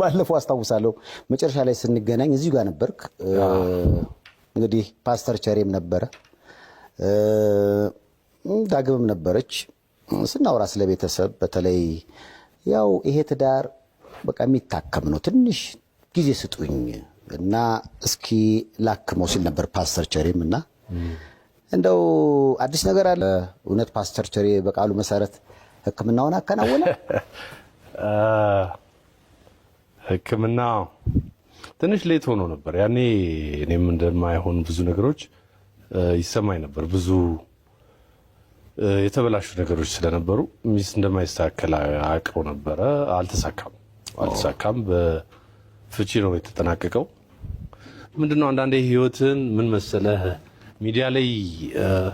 ባለፈው አስታውሳለሁ መጨረሻ ላይ ስንገናኝ እዚሁ ጋር ነበርክ። እንግዲህ ፓስተር ቸሬም ነበረ፣ ዳግምም ነበረች። ስናወራ ስለ ቤተሰብ በተለይ ያው ይሄ ትዳር በቃ የሚታከም ነው፣ ትንሽ ጊዜ ስጡኝ እና እስኪ ላክመው ሲል ነበር ፓስተር ቸሬም እና እንደው አዲስ ነገር አለ እውነት ፓስተር ቸሬ በቃሉ መሰረት ህክምናውን አከናወነ። ህክምና ትንሽ ሌት ሆኖ ነበር። ያኔ እኔም እንደማይሆን ብዙ ነገሮች ይሰማኝ ነበር። ብዙ የተበላሹ ነገሮች ስለነበሩ ሚስ እንደማይስተካከል አውቀው ነበረ። አልተሳካም አልተሳካም። በፍቺ ነው የተጠናቀቀው። ምንድነው አንዳንዴ ህይወትን ምን መሰለህ ሚዲያ ላይ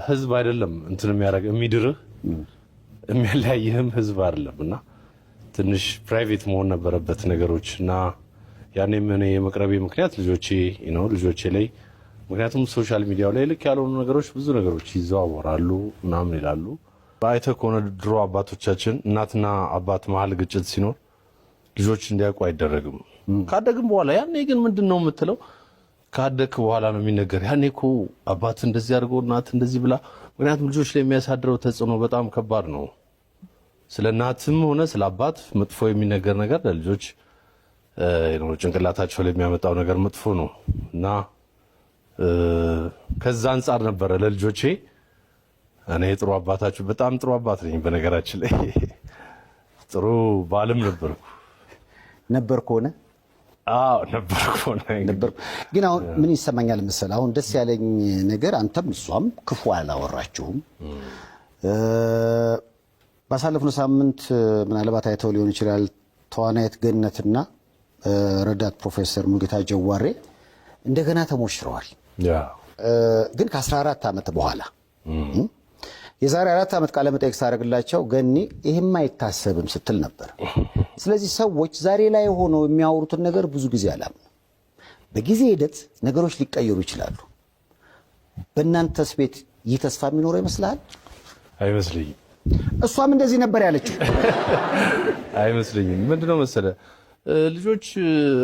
ህዝብ አይደለም እንትን የሚያደርግ የሚድርህ የሚያለያይህም ህዝብ አይደለም እና ትንሽ ፕራይቬት መሆን ነበረበት ነገሮች እና ያኔም እኔ የመቅረቤ ምክንያት ልጆቼ ነው ልጆቼ ላይ ምክንያቱም ሶሻል ሚዲያው ላይ ልክ ያልሆኑ ነገሮች ብዙ ነገሮች ይዘዋወራሉ ምናምን ይላሉ። በአይተ ከሆነ ድሮ አባቶቻችን እናትና አባት መሀል ግጭት ሲኖር ልጆች እንዲያውቁ አይደረግም። ካደግም በኋላ ያኔ ግን ምንድን ነው የምትለው ካደክ በኋላ ነው የሚነገር። ያኔ እኮ አባት እንደዚህ አድርጎ እናት እንደዚህ ብላ። ምክንያቱም ልጆች ላይ የሚያሳድረው ተጽዕኖ በጣም ከባድ ነው። ስለ እናትም ሆነ ስለ አባት መጥፎ የሚነገር ነገር ለልጆች ጭንቅላታቸው ላይ የሚያመጣው ነገር መጥፎ ነው እና ከዛ አንጻር ነበረ ለልጆቼ እኔ ጥሩ አባታችሁ በጣም ጥሩ አባት ነኝ። በነገራችን ላይ ጥሩ ባልም ነበርኩ ነበርኩ ከሆነ አዎ ግን አሁን ምን ይሰማኛል መሰል፣ አሁን ደስ ያለኝ ነገር አንተም እሷም ክፉ አላወራችሁም ባሳለፍነው ሳምንት ምናልባት አይተው ሊሆን ይችላል ተዋናይት ገነትና ረዳት ፕሮፌሰር ሙጌታ ጀዋሬ እንደገና ተሞሽረዋል። ግን ከ14 ዓመት በኋላ የዛሬ አራት ዓመት መጠየቅ ሳደረግላቸው ገኒ ይህም አይታሰብም ስትል ነበር። ስለዚህ ሰዎች ዛሬ ላይ ሆነው የሚያወሩትን ነገር ብዙ ጊዜ አላምነው። በጊዜ ሂደት ነገሮች ሊቀየሩ ይችላሉ። በእናንተስ ቤት ይህ ተስፋ የሚኖረው ይመስልሃል? አይመስልኝም። እሷም እንደዚህ ነበር ያለችው። አይመስለኝም። ምንድነው መሰለ ልጆች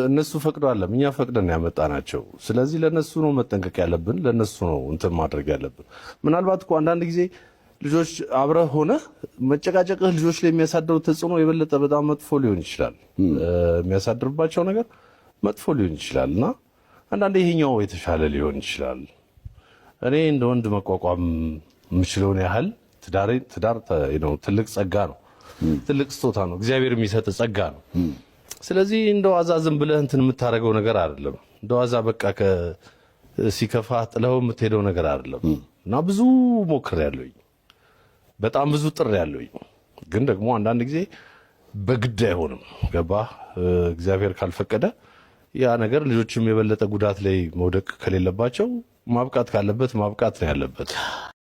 እነሱ ፈቅዶ አለም እኛ ፈቅደን ያመጣ ናቸው። ስለዚህ ለነሱ ነው መጠንቀቅ ያለብን፣ ለነሱ ነው እንትን ማድረግ ያለብን። ምናልባት እኮ አንዳንድ ጊዜ ልጆች አብረህ ሆነ መጨቃጨቅህ ልጆች ላይ የሚያሳድረው ተጽዕኖ የበለጠ በጣም መጥፎ ሊሆን ይችላል። የሚያሳድርባቸው ነገር መጥፎ ሊሆን ይችላል እና አንዳንዴ ይሄኛው የተሻለ ሊሆን ይችላል። እኔ እንደ ወንድ መቋቋም የምችለውን ያህል ትዳር ትልቅ ጸጋ ነው፣ ትልቅ ስጦታ ነው፣ እግዚአብሔር የሚሰጥ ጸጋ ነው። ስለዚህ እንደ ዋዛ ዝም ብለህ እንትን የምታደርገው ነገር አይደለም። እንደ ዋዛ በቃ ሲከፋ ጥለው የምትሄደው ነገር አይደለም እና ብዙ ሞክሬያለሁኝ፣ በጣም ብዙ ያለውኝ ግን ደግሞ አንዳንድ ጊዜ በግድ አይሆንም። ገባ እግዚአብሔር ካልፈቀደ ያ ነገር ልጆችም የበለጠ ጉዳት ላይ መውደቅ ከሌለባቸው ማብቃት ካለበት ማብቃት ነው ያለበት።